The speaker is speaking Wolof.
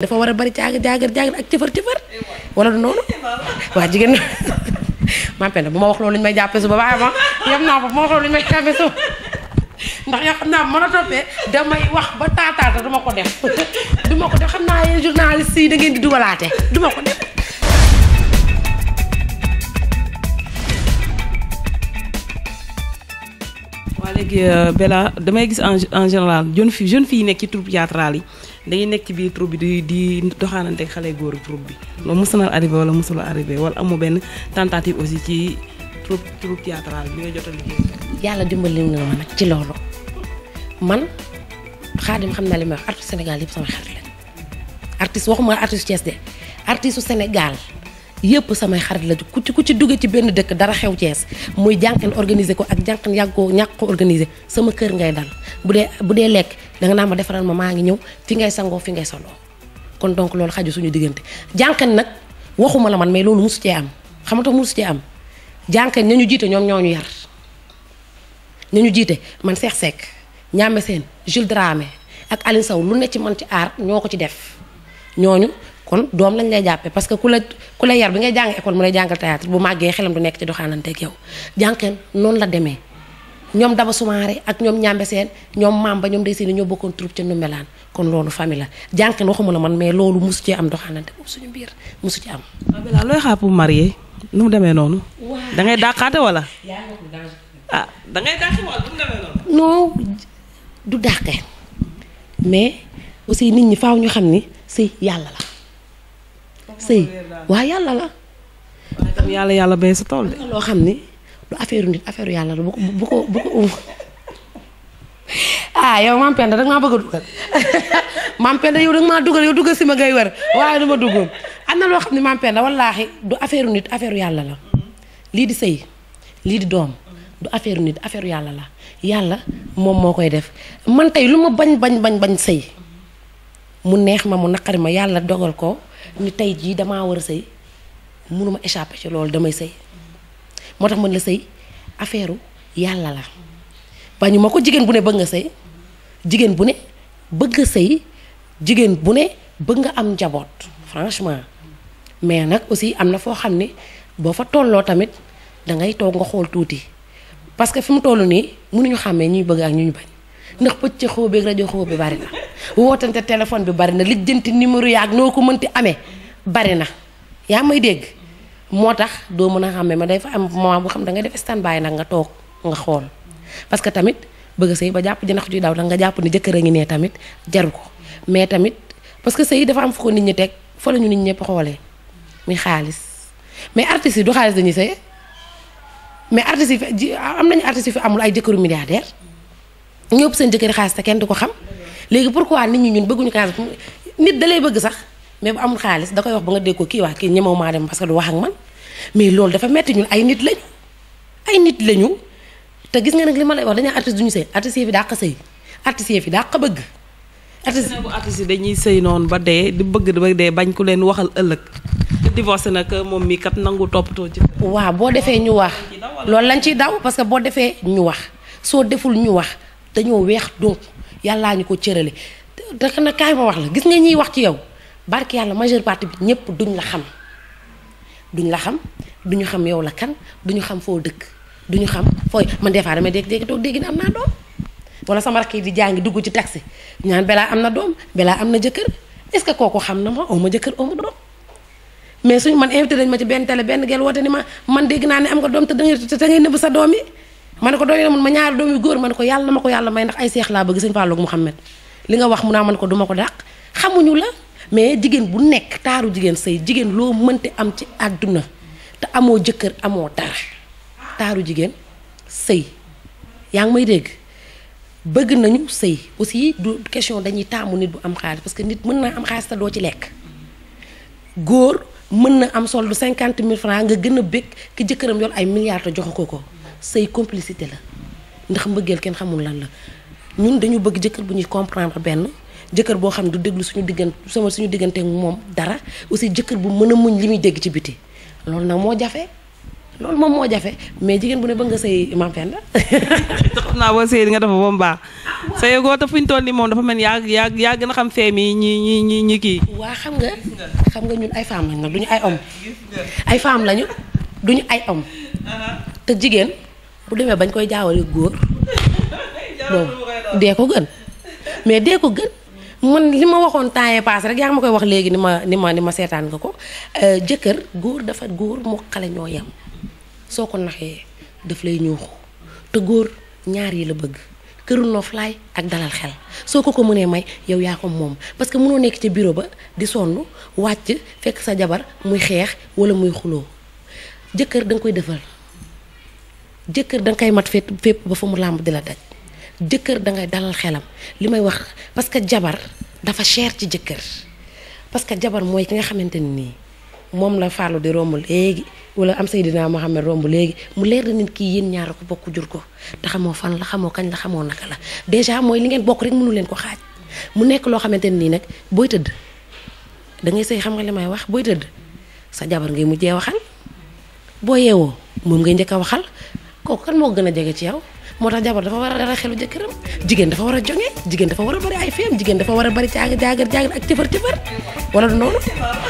dafa war a bari jaagar jaagar jaagar ak cëfar cëfar wala du noonu waa jigéen Mame Penda bu ma wax loolu ñu may jàppee suba waaye ma yem naa ko bu ma wax loolu ñu may jàppee suba ndax yoo xam naa mën a toppee damay wax ba taataata du ma ko def du ko def xam naa yéen journaliste yi da ngeen di dugalaate du ko def léegi euh, Bella damay gis en en général jeune fille jeune fille nek ci troupe théâtrale yi dañuy nek ci biir troupe bi di di doxaanante ak xale góor troupe bi loolu mos na arrivé wala mosul arrivé wala amu benn tentative aussi ci troupe troupe théâtrale bi nga jot a liggéey. yàlla dimbali na ma nag ci loolu man Xaadim xam naa li may wax artiste Sénégal yëpp sama xarit lañ artiste waxuma artiste Thiès de artiste Sénégal yëpp samay xarit la ku ci ku ci duggee ci benn dëkk dara xew Cees muy jànqen organiser ko ak jànqen yàgg ko ñàkk ko organiser sama kër ngay dal bu dee bu dee lekk danga naa ma defaral ma maa ngi ñëw fi ngay sangoo fi ngay soloo kon donc loolu xaju suñu diggante jànqen nag waxuma la man mais loolu musu cee am xam nga tax musu cee am jànqen ña ñu jiite ñoom ñoo ñu yar ña ñu jiite man Seex Sekk ñaame seen Jules Dramé ak Alioune Sow lu ne ci man ci aar ñoo ko ci def ñooñu kon doom lañ lay jappé parce que kula kula yar bi nga jang école mou lay jàngal théâtre bu maggé xélam du nek ci ak yow jànkeen non la démé ñom daba sumaare ak ñom ñambé sen ñom mamba ñom dé séni seen ñoo troupe ci numélan kon lolu famille la jànkeen waxuma la man mais lolu musu ci am doxaanante boobu suñu biir musu ci am. Abila ah, loy xaar pour marié nu mu demee da ngay dàqaate wala. ah da ngay wala du mu demee non du dàqe mais aussi nit ñi faaw ñu xamni ni si yalla la sëy wa yalla la. tam yalla yalla be sa tol lo xamni du affaire nit affaire yalla bu ko bu ko bu ko ah yow mam Penda danga ma bëgg a dugal maam Penda yow danga ma dugal yow dugal si gay ngay wër waaye du ma duggoon am na loo xam ne du affaire nit affaire yalla la. li di sey li di dom du affaire nit affaire yalla la yalla mom mo koy def man tay lu ma bañ bañ bañ bañ sëy mu neex ma mu nakari ma yalla dogal ko. ni tey jii damaa war a sëy mënuma échappé ci loolu damay sëy moo tax mën la sëy affaire yàlla la bañu ma ko jigéen bu ne bëgg nga sëy jigéen bu ne bëgg nga jigéen bu ne bëgg nga am njaboot franchement mais nag aussi am na foo xam ne boo fa tolloo tamit da ngay toog nga xool tuuti parce que fi mu toll nii mënuñu xàmmee ñuy bëgg ak ñu ñu bañ ndax pëcc xóo beeg rajo xóo bi bari na wootante téléphone bi bari na lijjanti numéro ak noo ko mënti amee bari na yaa may dégg moo tax doo mën a xàmme ma day fa am moment bu xam da nga def stand by nag nga toog nga xool parce que tamit bëgg sëy ba jàpp janax juy daw da nga jàpp ne jëkkër a ngi ne tamit jaru ko mais tamit parce que sëy dafa am fu nit ñi teg fa la ñu nit ñëpp xoolee muy xaalis mais artistes yi dañuy sëy mais artistes yi am nañu artistes yi fi amul ay jëkkëru milliardaire ñëpp seen jëkkëri xaalis te kenn du ko xam léegi pour quoi nit ñi ñun bëgguñu Casamance nit da lay bëgg sax mais bu amul xaalis da wax ba nga dégg ko kii wax kii ñemewu maa dem parce que du wax ak man mais loolu dafa metti ñun ay nit lañu ay nit lañu te gis nga nag li ma lay wax dañaa artiste duñu sëy artiste fi dàq sëy artiste fi dàq bëgg. artiste bu artiste dañuy sëy noonu ba dee di bëgg ba dee bañ ku leen waxal ëllëg. divorcé nag moom mi kat nangu toppatoo ci. waaw boo defee ñu wax loolu lañ ciy daw parce que boo defee ñu wax soo deful ñu wax dañoo weex donc. yàllaa ñu ko cërale daka na kaay ma wax la gis nga ñiy wax ci yow bark yàlla majeure partie bi ñëpp duñ la xam duñ la xam duñu xam yow la kan duñu xam foo dëkk duñu xam foo man des fois damay dégg-dégg toog dégg na am naa doom wala sama rakk di jàngi dugg ci taxi ñaan balaa am na doom balaa am na jëkkër est ce que kooku xam na ma oo ma jëkkër oo ma doom mais ñu man invité dañ ma ci benn télé benn gel woote ni ma man dégg naa ne am nga doom te da ngay te ngay nëbb sa doom yi ma ne ko doy na mun ma ñaari doom yu góor ma ne ko yàlla na ma ko yàlla may ndax ay seex laa bëgg sëñ Fallou ak li nga wax mu naa man ko duma ko dàq xamuñu la mais jigéen bu nekk taaru jigéen sëy jigéen loo mënte am ci àdduna te amoo jëkkër amoo dara taaru jigéen sëy yaa ngi may dégg bëgg nañu sëy aussi du question dañuy taamu nit bu am xaalis parce que nit mën naa am xaalis te doo ci lekk góor mën na am soldu cinquante mille francs nga gën a bëgg ki jëkkëram yor ay milliards joxu ko ko say complicité la ndax mbëggeel ken xamul lan la ñun dañu bëgg jëkkeur bu ñuy comprendre ben jëkkeur bo xam ne du déglu suñu digënté sama suñu ak mom dara aussi jëkkeur bu mëna muñ limi dégg ci biti lool nag mo jafé lool mom mo jafé mais jigéen bu ne bëgg nga sëy Mame Penda te xam naa boo nga dafa bomba say go ta fuñ fu mom dafa mel yag yag yag na xam fémi ñi ñi ñi ñi ki wa xam nga xam nga ñun ay femme lañ nag ay homme ay femme lañu duñu ay homme te jigen bu demee bañ koy jaawale góor moom dee ko gën mais dee ko gën man li ma waxoon temps yee rek yaa ngi ma koy wax léegi ni ma ni ma ma seetaan nga ko euh, jëkkër góor dafa góor moo xale ñoo yem soo ko naxee daf lay ñuuxu te góor ñaar yi la bëgg këru noflaay ak dalal xel soo ko ko mënee may yow yaa ko moom parce que mënoo nekk ci bureau ba di sonn wàcc fekk sa jabar muy xeex wala muy xuloo jëkkër da koy defal jëkkër da nga koy mat fépp fépp ba fa mu làmb di la daj jëkkër da ngay dalal xelam li may wax parce que jabar dafa cher ci jëkkër parce que jabar mooy ki nga xamante ni nii moom la faalu di romb léegi wala am Seydina Mohamed romb léegi mu leer nit kii yéen ñaar ko bokk jur ko te xamoo fan la xamoo kañ la xamoo naka la dèjà mooy li ngeen bokk rek mënu leen ko xaaj mu nekk loo xamante ni nii nag booy tëdd da ngay sëy xam nga li may wax booy tëdd sa jabar ngay mujjee waxal boo yeewoo moom ngay njëkk a waxal kooku kan moo gën a jege ci yow moo tax jabar dafa war a dara xelu jëkkëram jigéen dafa war a jonge jigéen dafa war a bari ay feem jigéen dafa war a bari jaagar jaagar jaagar ak cëfar cëfar wala du noonu